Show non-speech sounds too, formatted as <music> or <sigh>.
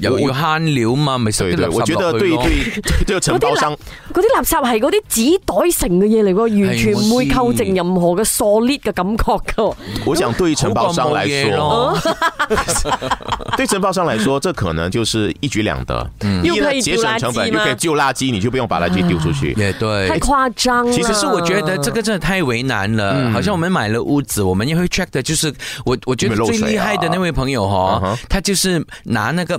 又要慳料嘛，咪隨流沉，對對咯。嗰啲垃嗰啲垃圾係嗰啲紙袋成嘅嘢嚟，完全唔會構成任何嘅 solid 嘅感覺噶。我想對於承包商來說， <laughs> <laughs> 對承包商來說，這可能就是一舉兩得，又可以節省成本，又可以丟垃圾，你就不用把垃圾丟出去。也、哎、對，太誇張。其實是我覺得這個真的太為難了、嗯，好像我們買了屋子，我們也會 check 的，就是我我覺得最厲害的那位朋友，嗬、啊嗯，他就是拿那個